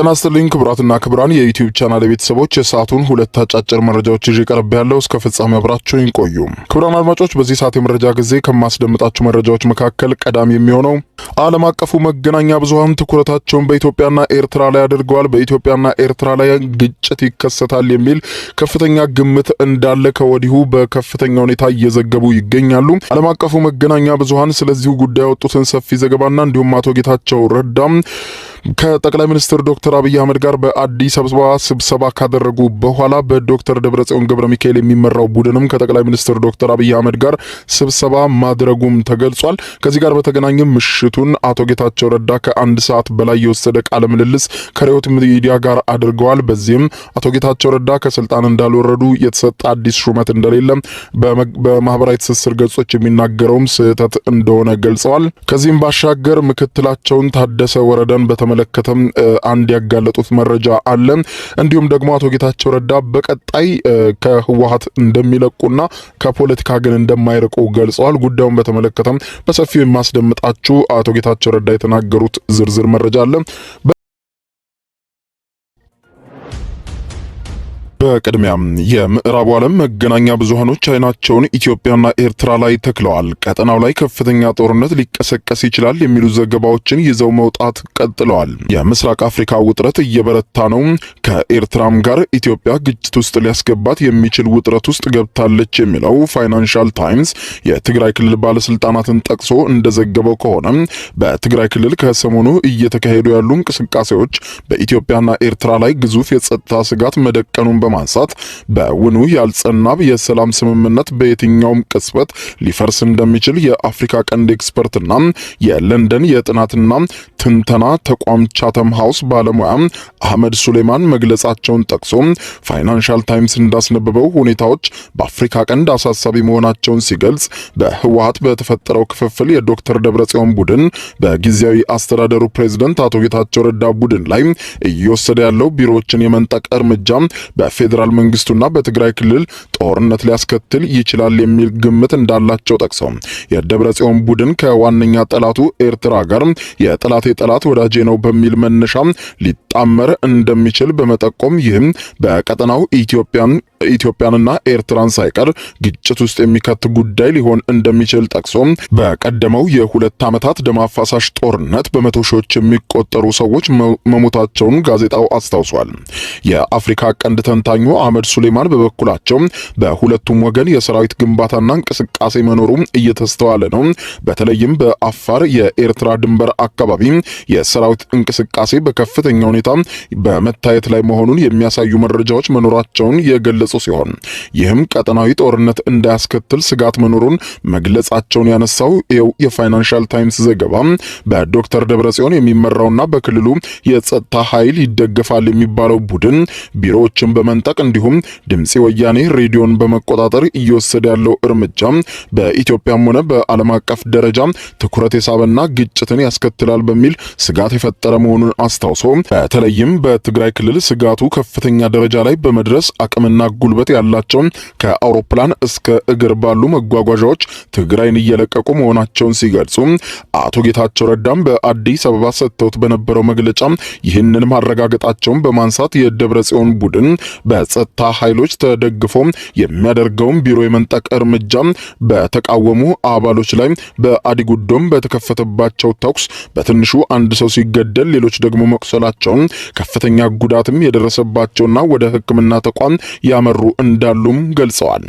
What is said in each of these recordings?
ጤና ይስጥልኝ ክቡራትና ክቡራን የዩቲዩብ ቻናል ቤተሰቦች የሰዓቱን ሁለት አጫጭር መረጃዎች ይዤ ቀርብ ያለው እስከ ፍጻሜ አብራችሁን ይቆዩ። ክቡራን አድማጮች በዚህ ሰዓት የመረጃ ጊዜ ከማስደምጣችሁ መረጃዎች መካከል ቀዳሚ የሚሆነው ዓለም አቀፉ መገናኛ ብዙኃን ትኩረታቸውን በኢትዮጵያና ኤርትራ ላይ አድርገዋል፣ በኢትዮጵያና ኤርትራ ላይ ግጭት ይከሰታል የሚል ከፍተኛ ግምት እንዳለ ከወዲሁ በከፍተኛ ሁኔታ እየዘገቡ ይገኛሉ። ዓለም አቀፉ መገናኛ ብዙኃን ስለዚሁ ጉዳይ ያወጡትን ሰፊ ዘገባና እንዲሁም አቶ ጌታቸው ረዳም ከጠቅላይ ሚኒስትር ዶክተር አብይ አህመድ ጋር በአዲስ አበባ ስብሰባ ካደረጉ በኋላ በዶክተር ደብረጽዮን ገብረ ሚካኤል የሚመራው ቡድንም ከጠቅላይ ሚኒስትር ዶክተር አብይ አህመድ ጋር ስብሰባ ማድረጉም ተገልጿል። ከዚህ ጋር በተገናኘ ምሽቱን አቶ ጌታቸው ረዳ ከአንድ ሰዓት በላይ የወሰደ ቃለ ምልልስ ከሪዮት ሚዲያ ጋር አድርገዋል። በዚህም አቶ ጌታቸው ረዳ ከስልጣን እንዳልወረዱ የተሰጠ አዲስ ሹመት እንደሌለ በማህበራዊ ትስስር ገጾች የሚናገረውም ስህተት እንደሆነ ገልጸዋል። ከዚህም ባሻገር ምክትላቸውን ታደሰ ወረደን በተመ በተመለከተም አንድ ያጋለጡት መረጃ አለ። እንዲሁም ደግሞ አቶ ጌታቸው ረዳ በቀጣይ ከህወሀት እንደሚለቁና ከፖለቲካ ግን እንደማይርቁ ገልጸዋል። ጉዳዩን በተመለከተም በሰፊው የማስደምጣችሁ አቶ ጌታቸው ረዳ የተናገሩት ዝርዝር መረጃ አለ። በቅድሚያም የምዕራቡ ዓለም መገናኛ ብዙሃኖች አይናቸውን ኢትዮጵያና ኤርትራ ላይ ተክለዋል። ቀጠናው ላይ ከፍተኛ ጦርነት ሊቀሰቀስ ይችላል የሚሉ ዘገባዎችን ይዘው መውጣት ቀጥለዋል። የምስራቅ አፍሪካ ውጥረት እየበረታ ነው። ከኤርትራም ጋር ኢትዮጵያ ግጭት ውስጥ ሊያስገባት የሚችል ውጥረት ውስጥ ገብታለች የሚለው ፋይናንሻል ታይምስ የትግራይ ክልል ባለስልጣናትን ጠቅሶ እንደዘገበው ከሆነ በትግራይ ክልል ከሰሞኑ እየተካሄዱ ያሉ እንቅስቃሴዎች በኢትዮጵያና ኤርትራ ላይ ግዙፍ የጸጥታ ስጋት መደቀኑን በማንሳት በውኑ ያልጸና የሰላም ስምምነት በየትኛውም ቅጽበት ሊፈርስ እንደሚችል የአፍሪካ ቀንድ ኤክስፐርትና የለንደን የጥናትና ትንተና ተቋም ቻተም ሃውስ ባለሙያ አህመድ ሱሌማን መግለጻቸውን ጠቅሶ ፋይናንሻል ታይምስ እንዳስነበበው ሁኔታዎች በአፍሪካ ቀንድ አሳሳቢ መሆናቸውን ሲገልጽ በህወሀት በተፈጠረው ክፍፍል የዶክተር ደብረጽዮን ቡድን በጊዜያዊ አስተዳደሩ ፕሬዝደንት አቶ ጌታቸው ረዳ ቡድን ላይ እየወሰደ ያለው ቢሮዎችን የመንጠቅ እርምጃ በፌዴራል መንግስቱና በትግራይ ክልል ጦርነት ሊያስከትል ይችላል የሚል ግምት እንዳላቸው ጠቅሰው የደብረ ጽዮን ቡድን ከዋነኛ ጠላቱ ኤርትራ ጋር የጠላቴ ጠላት ወዳጄ ነው በሚል መነሻ ሊጣመር እንደሚችል በመጠቆም ይህም በቀጠናው ኢትዮጵያን ኢትዮጵያንና ኤርትራን ሳይቀር ግጭት ውስጥ የሚከት ጉዳይ ሊሆን እንደሚችል ጠቅሶ በቀደመው የሁለት ዓመታት ደም አፋሳሽ ጦርነት በመቶ ሺዎች የሚቆጠሩ ሰዎች መሞታቸውን ጋዜጣው አስታውሷል። የአፍሪካ ቀንድ ተንታኙ አህመድ ሱሌማን በበኩላቸው በሁለቱም ወገን የሰራዊት ግንባታና እንቅስቃሴ መኖሩ እየተስተዋለ ነው። በተለይም በአፋር የኤርትራ ድንበር አካባቢ የሰራዊት እንቅስቃሴ በከፍተኛ ሁኔታ በመታየት ላይ መሆኑን የሚያሳዩ መረጃዎች መኖራቸውን የገለጹ የገለጹ ሲሆን ይህም ቀጠናዊ ጦርነት እንዳያስከትል ስጋት መኖሩን መግለጻቸውን ያነሳው ይኸው የፋይናንሻል ታይምስ ዘገባ በዶክተር ደብረጽዮን የሚመራውና በክልሉ የጸጥታ ኃይል ይደገፋል የሚባለው ቡድን ቢሮዎችን በመንጠቅ እንዲሁም ድምፂ ወያኔ ሬዲዮን በመቆጣጠር እየወሰደ ያለው እርምጃ በኢትዮጵያም ሆነ በዓለም አቀፍ ደረጃ ትኩረት የሳበና ግጭትን ያስከትላል በሚል ስጋት የፈጠረ መሆኑን አስታውሶ በተለይም በትግራይ ክልል ስጋቱ ከፍተኛ ደረጃ ላይ በመድረስ አቅምና ጉልበት ያላቸው ከአውሮፕላን እስከ እግር ባሉ መጓጓዣዎች ትግራይን እየለቀቁ መሆናቸውን ሲገልጹ አቶ ጌታቸው ረዳም በአዲስ አበባ ሰጥተውት በነበረው መግለጫ ይህንን ማረጋገጣቸውን በማንሳት የደብረ ጽዮን ቡድን በጸጥታ ኃይሎች ተደግፎ የሚያደርገውን ቢሮ የመንጠቅ እርምጃ በተቃወሙ አባሎች ላይ በአዲጉዶም በተከፈተባቸው ተኩስ በትንሹ አንድ ሰው ሲገደል ሌሎች ደግሞ መቁሰላቸውን ከፍተኛ ጉዳትም የደረሰባቸውና ወደ ሕክምና ተቋም ያመ እየመሩ እንዳሉም ገልጸዋል።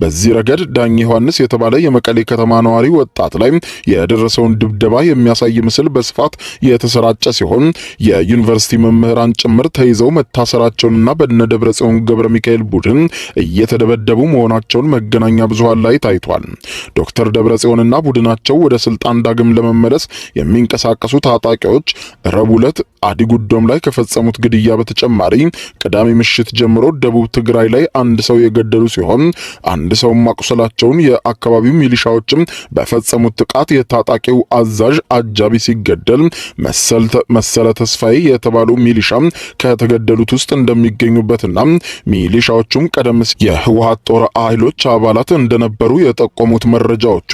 በዚህ ረገድ ዳኝ ዮሐንስ የተባለ የመቀሌ ከተማ ነዋሪ ወጣት ላይ የደረሰውን ድብደባ የሚያሳይ ምስል በስፋት የተሰራጨ ሲሆን የዩኒቨርሲቲ መምህራን ጭምር ተይዘው መታሰራቸውንና በነ ደብረ ጽዮን ገብረ ሚካኤል ቡድን እየተደበደቡ መሆናቸውን መገናኛ ብዙሃን ላይ ታይቷል። ዶክተር ደብረ ጽዮንና ቡድናቸው ወደ ስልጣን ዳግም ለመመለስ የሚንቀሳቀሱ ታጣቂዎች ረቡዕ ዕለት አዲጉዶም ላይ ከፈጸሙት ግድያ በተጨማሪ ቅዳሜ ምሽት ጀምሮ ደቡብ ትግራይ ላይ አንድ ሰው የገደሉ ሲሆን አንድ ሰው ማቁሰላቸውን የአካባቢው ሚሊሻዎችም በፈጸሙት ጥቃት የታጣቂው አዛዥ አጃቢ ሲገደል መሰለ ተስፋዬ የተባሉ ሚሊሻ ከተገደሉት ውስጥ እንደሚገኙበትና ሚሊሻዎቹም ቀደም ሲል የህወሀት ጦር ኃይሎች አባላት እንደነበሩ የጠቆሙት መረጃዎቹ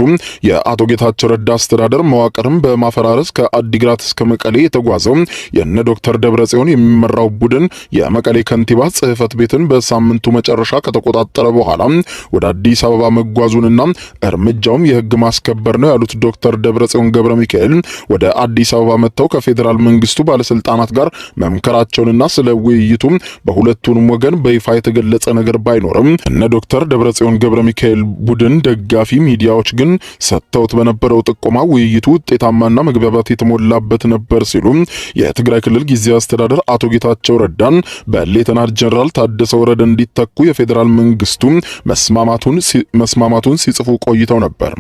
የአቶ ጌታቸው ረዳ አስተዳደር መዋቅርም በማፈራረስ ከአዲግራት እስከ መቀሌ የተጓዘው የነ ዶክተር ደብረጽዮን የሚመራው ቡድን የመቀሌ ከንቲባ ጽህፈት ቤትን በሳምንቱ መጨረሻ ከተቆጣጠረ በኋላ ወደ አዲስ አበባ መጓዙንና እርምጃውም የህግ ማስከበር ነው ያሉት ዶክተር ደብረጽዮን ገብረ ሚካኤል ወደ አዲስ አበባ መጥተው ከፌዴራል መንግስቱ ባለስልጣናት ጋር መምከራቸውንና ስለ ውይይቱም በሁለቱንም ወገን በይፋ የተገለጸ ነገር ባይኖርም እነ ዶክተር ደብረጽዮን ገብረ ሚካኤል ቡድን ደጋፊ ሚዲያዎች ግን ሰጥተውት በነበረው ጥቆማ ውይይቱ ውጤታማና መግባባት የተሞላበት ነበር ሲሉ የትግራይ ክልል ጊዜያዊ አስተዳደር አቶ ጌታቸው ረዳን በሌተናል ጀነራል ታደሰ ወረደ እንዲታ እንዲተኩ የፌዴራል መንግስቱ መስማማቱን ሲጽፉ ቆይተው ነበር።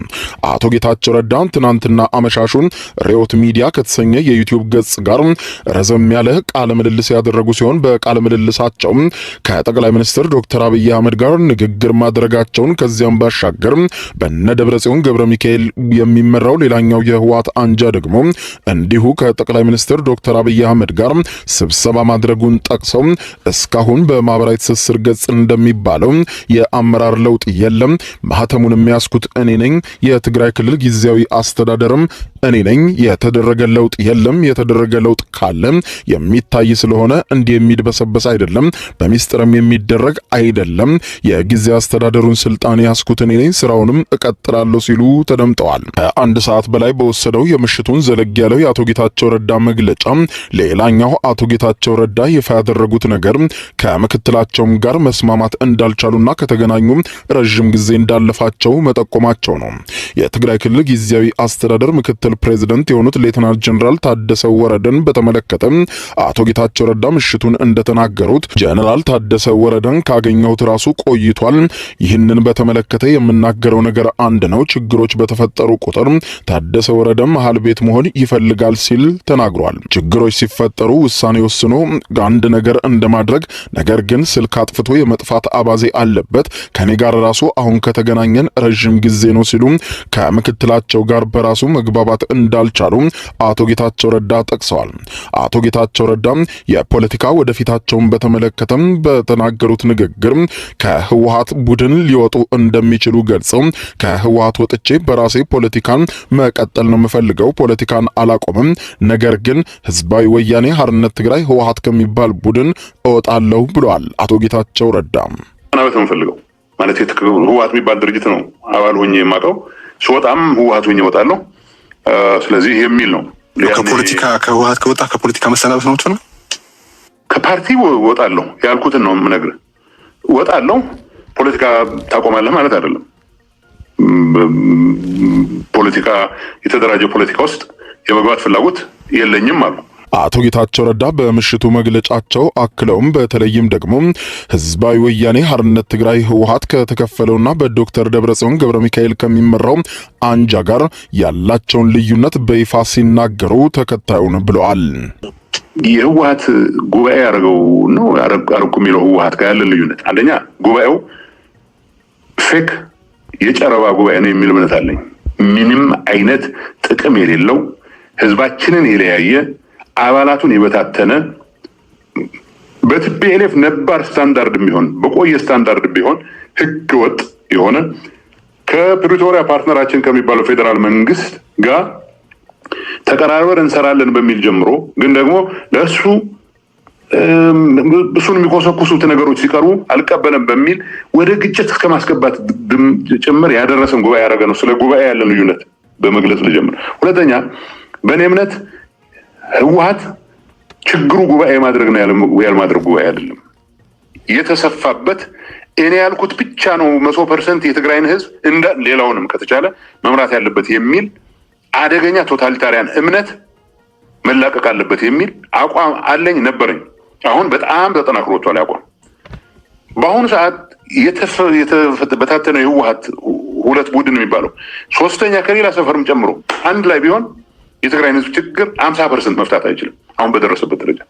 አቶ ጌታቸው ረዳን ትናንትና አመሻሹን ሬዮት ሚዲያ ከተሰኘ የዩቲዩብ ገጽ ጋር ረዘም ያለ ቃለ ምልልስ ያደረጉ ሲሆን በቃለ ምልልሳቸው ከጠቅላይ ሚኒስትር ዶክተር አብይ አህመድ ጋር ንግግር ማድረጋቸውን ከዚያም ባሻገር በነ ደብረ ጽዮን ገብረ ሚካኤል የሚመራው ሌላኛው የህወሓት አንጃ ደግሞ እንዲሁ ከጠቅላይ ሚኒስትር ዶክተር አብይ አህመድ ጋር ስብሰባ ማድረጉን ጠቅሰው እስካሁን በማህበራዊ ትስስር ገጽ እንደሚባለው የአመራር ለውጥ የለም። ማህተሙን የሚያስኩት እኔ ነኝ። የትግራይ ክልል ጊዜያዊ አስተዳደርም እኔ ነኝ። የተደረገ ለውጥ የለም። የተደረገ ለውጥ ካለ የሚታይ ስለሆነ እንዲህ የሚድበሰበስ አይደለም፣ በሚስጥርም የሚደረግ አይደለም። የጊዜ አስተዳደሩን ስልጣን ያስኩት እኔ ነኝ፣ ስራውንም እቀጥላለሁ ሲሉ ተደምጠዋል። ከአንድ ሰዓት በላይ በወሰደው የምሽቱን ዘለግ ያለው የአቶ ጌታቸው ረዳ መግለጫ ሌላኛው አቶ ጌታቸው ረዳ ይፋ ያደረጉት ነገር ከምክትላቸውም ጋር መስ መስማማት እንዳልቻሉና ከተገናኙም ረዥም ጊዜ እንዳለፋቸው መጠቆማቸው ነው። የትግራይ ክልል ጊዜያዊ አስተዳደር ምክትል ፕሬዝደንት የሆኑት ሌተናል ጀኔራል ታደሰ ወረደን በተመለከተ አቶ ጌታቸው ረዳ ምሽቱን እንደተናገሩት ጀኔራል ታደሰ ወረደን ካገኘሁት ራሱ ቆይቷል። ይህንን በተመለከተ የምናገረው ነገር አንድ ነው። ችግሮች በተፈጠሩ ቁጥር ታደሰ ወረደ መሃል ቤት መሆን ይፈልጋል ሲል ተናግሯል። ችግሮች ሲፈጠሩ ውሳኔ ወስኖ አንድ ነገር እንደማድረግ ነገር ግን ስልክ አጥፍቶ መጥፋት አባዜ አለበት። ከኔ ጋር ራሱ አሁን ከተገናኘን ረዥም ጊዜ ነው ሲሉ ከምክትላቸው ጋር በራሱ መግባባት እንዳልቻሉ አቶ ጌታቸው ረዳ ጠቅሰዋል። አቶ ጌታቸው ረዳ የፖለቲካ ወደፊታቸውን በተመለከተም በተናገሩት ንግግር ከህወሀት ቡድን ሊወጡ እንደሚችሉ ገልጸው ከህወሀት ወጥቼ በራሴ ፖለቲካን መቀጠል ነው የምፈልገው፣ ፖለቲካን አላቆምም። ነገር ግን ህዝባዊ ወያኔ ሀርነት ትግራይ ህወሀት ከሚባል ቡድን እወጣለሁ ብለዋል አቶ ጌታቸው ረዳ። አስረዳም። ናበት ነው የምፈልገው ማለት ህወሀት የሚባል ድርጅት ነው አባል ሆኜ የማውቀው ስወጣም ህወሀት ሆኜ እወጣለሁ። ስለዚህ የሚል ነው ከፖለቲካ ከህወሓት ከወጣ ከፖለቲካ መሰናበት ነው ነው ከፓርቲ ወጣለሁ ያልኩትን ነው ምነግር ወጣለሁ ፖለቲካ ታቆማለህ ማለት አይደለም። ፖለቲካ የተደራጀ ፖለቲካ ውስጥ የመግባት ፍላጎት የለኝም አሉ። አቶ ጌታቸው ረዳ በምሽቱ መግለጫቸው አክለውም በተለይም ደግሞ ህዝባዊ ወያኔ ሀርነት ትግራይ ህወሀት ከተከፈለውና በዶክተር ደብረጽዮን ገብረ ሚካኤል ከሚመራው አንጃ ጋር ያላቸውን ልዩነት በይፋ ሲናገሩ ተከታዩን ብለዋል። የህወሀት ጉባኤ ያደርገው ነው ያደርጉ የሚለው ህወሀት ጋር ያለን ልዩነት አንደኛ ጉባኤው ፌክ የጨረባ ጉባኤ ነው የሚል እምነት አለኝ። ምንም አይነት ጥቅም የሌለው ህዝባችንን የለያየ አባላቱን የበታተነ በቲፒኤልኤፍ ነባር ስታንዳርድ ቢሆን በቆየ ስታንዳርድ ቢሆን ህገ ወጥ የሆነ ከፕሪቶሪያ ፓርትነራችን ከሚባለው ፌዴራል መንግስት ጋር ተቀራርበር እንሰራለን በሚል ጀምሮ ግን ደግሞ ለእሱ እሱን የሚኮሰኩሱት ነገሮች ሲቀርቡ አልቀበለም በሚል ወደ ግጭት እስከ ማስገባት ጭምር ያደረሰን ጉባኤ ያደረገ ነው። ስለ ጉባኤ ያለን ልዩነት በመግለጽ ልጀምር። ሁለተኛ በእኔ እምነት ህወሀት ችግሩ ጉባኤ ማድረግ ነው ያልማድረግ ጉባኤ አይደለም የተሰፋበት እኔ ያልኩት ብቻ ነው መቶ ፐርሰንት የትግራይን ህዝብ እንዳ ሌላውንም ከተቻለ መምራት ያለበት የሚል አደገኛ ቶታሊታሪያን እምነት መላቀቅ አለበት የሚል አቋም አለኝ ነበረኝ። አሁን በጣም ተጠናክሮ ወጥቷል በአሁኑ ሰዓት በታተነው የህወሀት ሁለት ቡድን የሚባለው ሶስተኛ ከሌላ ሰፈርም ጨምሮ አንድ ላይ ቢሆን የትግራይን ህዝብ ችግር አምሳ ፐርሰንት መፍታት አይችልም አሁን በደረሰበት ደረጃ